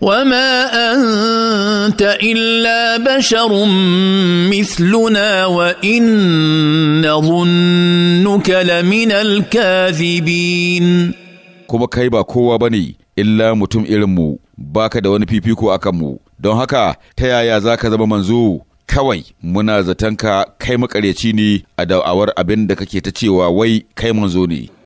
وما انت الا بشر مثلنا وان نظنك لمن الكاذبين kuma kai ba kowa ba ne illa mutum irinmu baka da wani fifiko a kanmu don haka ta yaya za ka zama manzo kawai muna zaton ka kai makaryaci ne a da'awar abin da kake ta cewa wai kai manzo ne